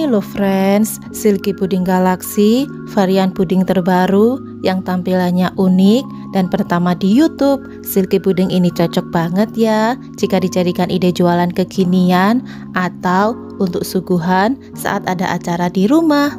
Ini loh friends, Silky Puding Galaxy, varian puding terbaru yang tampilannya unik dan pertama di YouTube. Silky Puding ini cocok banget ya jika dijadikan ide jualan kekinian atau untuk suguhan saat ada acara di rumah.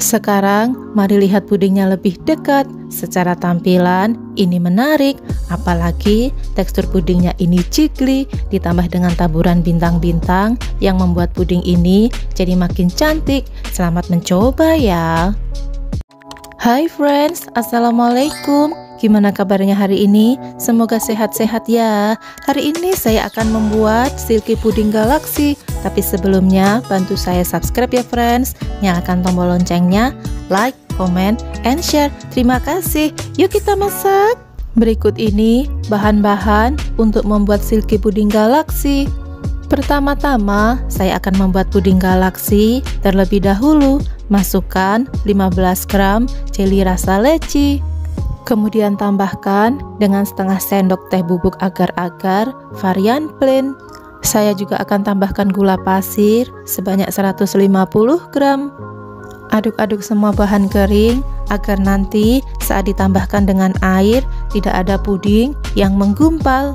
Sekarang mari lihat pudingnya lebih dekat. Secara tampilan ini menarik, apalagi tekstur pudingnya ini jiggly ditambah dengan taburan bintang-bintang yang membuat puding ini jadi makin cantik. Selamat mencoba ya. Hai friends, Assalamualaikum. Gimana kabarnya hari ini? Semoga sehat-sehat ya. Hari ini saya akan membuat silky puding galaksi. Tapi sebelumnya bantu saya subscribe ya friends. Nyalakan tombol loncengnya, like, comment, and share. Terima kasih. Yuk kita masak. Berikut ini bahan-bahan untuk membuat silky puding galaksi. Pertama-tama, saya akan membuat puding galaksi terlebih dahulu. Masukkan 15 gram jelly rasa leci, Kemudian tambahkan dengan setengah sendok teh bubuk agar-agar varian plain. Saya juga akan tambahkan gula pasir sebanyak 150 gram. Aduk-aduk semua bahan kering agar nanti saat ditambahkan dengan air tidak ada puding yang menggumpal.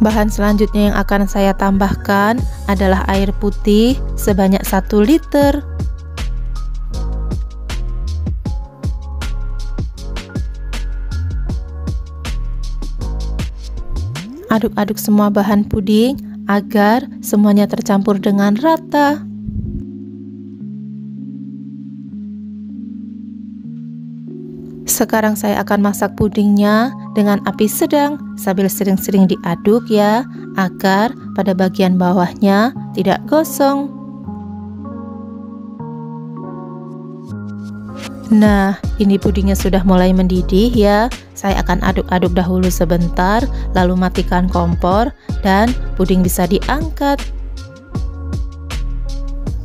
Bahan selanjutnya yang akan saya tambahkan adalah air putih sebanyak 1 liter. Aduk-aduk semua bahan puding agar semuanya tercampur dengan rata. Sekarang saya akan masak pudingnya dengan api sedang sambil sering-sering diaduk ya agar pada bagian bawahnya tidak gosong. Nah, ini pudingnya sudah mulai mendidih ya. Saya akan aduk-aduk dahulu sebentar, lalu matikan kompor dan puding bisa diangkat.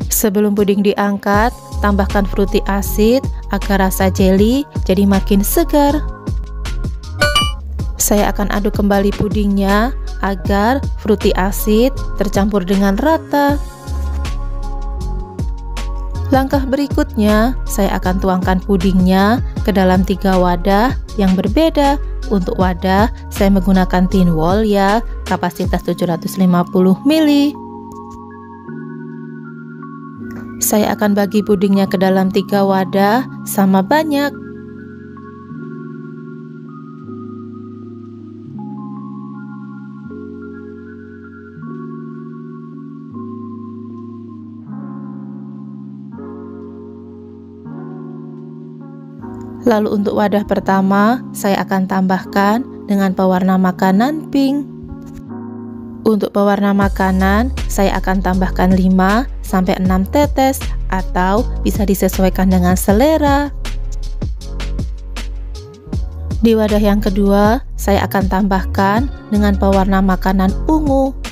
Sebelum puding diangkat, tambahkan fruity acid agar rasa jelly jadi makin segar. Saya akan aduk kembali pudingnya agar fruity acid tercampur dengan rata. Langkah berikutnya, saya akan tuangkan pudingnya ke dalam tiga wadah yang berbeda. Untuk wadah, saya menggunakan tin wall ya, kapasitas 750 ml. Saya akan bagi pudingnya ke dalam tiga wadah sama banyak Lalu untuk wadah pertama, saya akan tambahkan dengan pewarna makanan pink. Untuk pewarna makanan, saya akan tambahkan 5 sampai 6 tetes atau bisa disesuaikan dengan selera. Di wadah yang kedua, saya akan tambahkan dengan pewarna makanan ungu.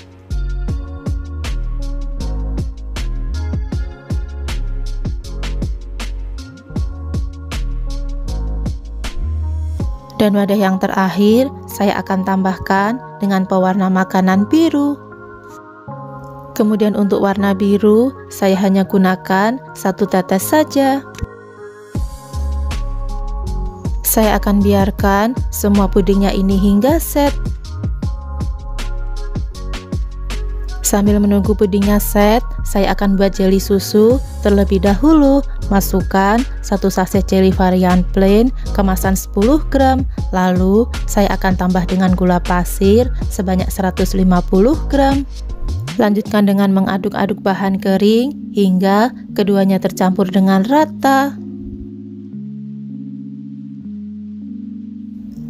Dan wadah yang terakhir, saya akan tambahkan dengan pewarna makanan biru. Kemudian untuk warna biru, saya hanya gunakan satu tetes saja. Saya akan biarkan semua pudingnya ini hingga set Sambil menunggu pudingnya set, saya akan buat jelly susu. Terlebih dahulu, masukkan satu sachet jelly varian plain, kemasan 10 gram. Lalu, saya akan tambah dengan gula pasir sebanyak 150 gram. Lanjutkan dengan mengaduk-aduk bahan kering hingga keduanya tercampur dengan rata.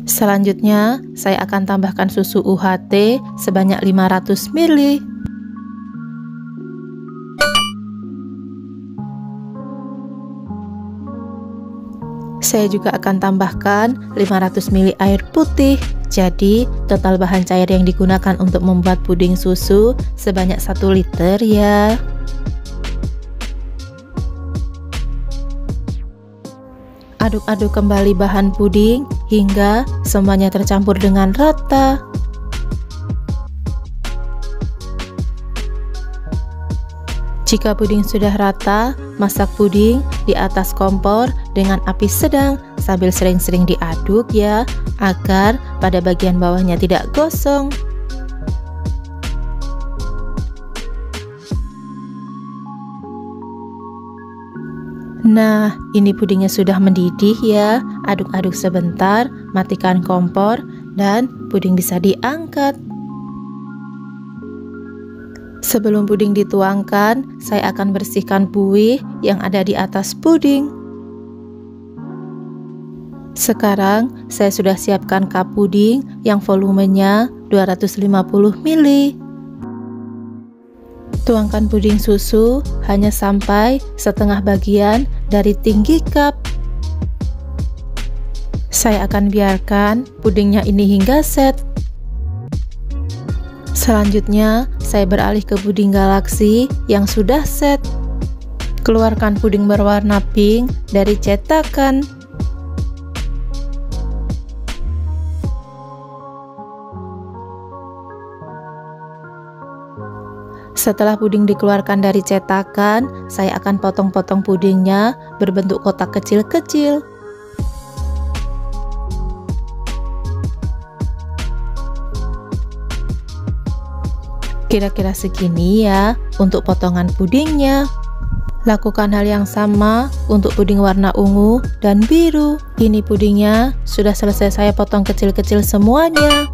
Selanjutnya, saya akan tambahkan susu UHT sebanyak 500 ml. saya juga akan tambahkan 500 ml air putih. Jadi, total bahan cair yang digunakan untuk membuat puding susu sebanyak 1 liter ya. Aduk-aduk kembali bahan puding hingga semuanya tercampur dengan rata. Jika puding sudah rata, masak puding di atas kompor dengan api sedang sambil sering-sering diaduk ya, agar pada bagian bawahnya tidak gosong. Nah, ini pudingnya sudah mendidih ya. Aduk-aduk sebentar, matikan kompor dan puding bisa diangkat. Sebelum puding dituangkan, saya akan bersihkan buih yang ada di atas puding. Sekarang, saya sudah siapkan cup puding yang volumenya 250 ml. Tuangkan puding susu hanya sampai setengah bagian dari tinggi cup. Saya akan biarkan pudingnya ini hingga set Selanjutnya, saya beralih ke puding galaksi yang sudah set. Keluarkan puding berwarna pink dari cetakan. Setelah puding dikeluarkan dari cetakan, saya akan potong-potong pudingnya berbentuk kotak kecil-kecil. Kira-kira segini ya untuk potongan pudingnya. Lakukan hal yang sama untuk puding warna ungu dan biru. Ini pudingnya sudah selesai saya potong kecil-kecil semuanya.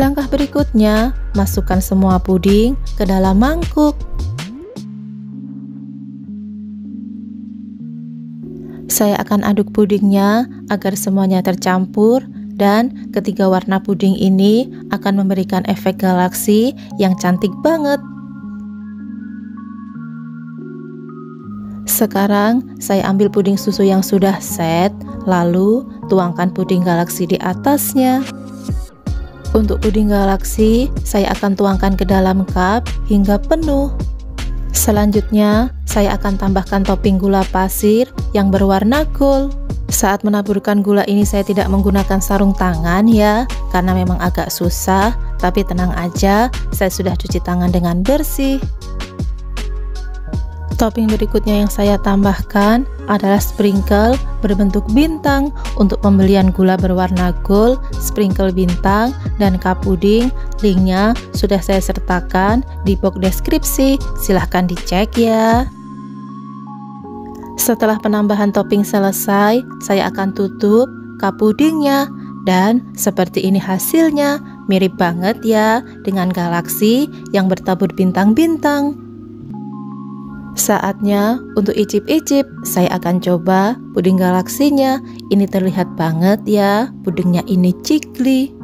Langkah berikutnya, masukkan semua puding ke dalam mangkuk. Saya akan aduk pudingnya agar semuanya tercampur dan ketiga warna puding ini akan memberikan efek galaksi yang cantik banget. Sekarang saya ambil puding susu yang sudah set, lalu tuangkan puding galaksi di atasnya. Untuk puding galaksi, saya akan tuangkan ke dalam cup hingga penuh. Selanjutnya, saya akan tambahkan topping gula pasir yang berwarna gold. Saat menaburkan gula ini saya tidak menggunakan sarung tangan ya, karena memang agak susah, tapi tenang aja, saya sudah cuci tangan dengan bersih. Topping berikutnya yang saya tambahkan adalah sprinkle berbentuk bintang untuk pembelian gula berwarna gold, sprinkle bintang, dan cup puding. Linknya sudah saya sertakan di box deskripsi, silahkan dicek ya. Setelah penambahan topping selesai, saya akan tutup cup pudingnya dan seperti ini hasilnya, mirip banget ya dengan galaksi yang bertabur bintang-bintang. Saatnya untuk icip-icip, saya akan coba puding galaksinya. Ini terlihat banget ya, pudingnya ini cikli.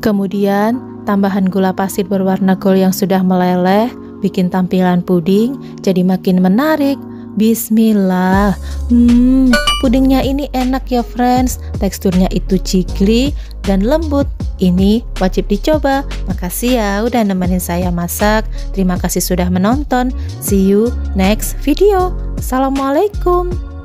Kemudian, tambahan gula pasir berwarna gold yang sudah meleleh bikin tampilan puding jadi makin menarik Bismillah. Hmm, pudingnya ini enak ya friends. Teksturnya itu cikli dan lembut. Ini wajib dicoba. Makasih ya udah nemenin saya masak. Terima kasih sudah menonton. See you next video. Assalamualaikum.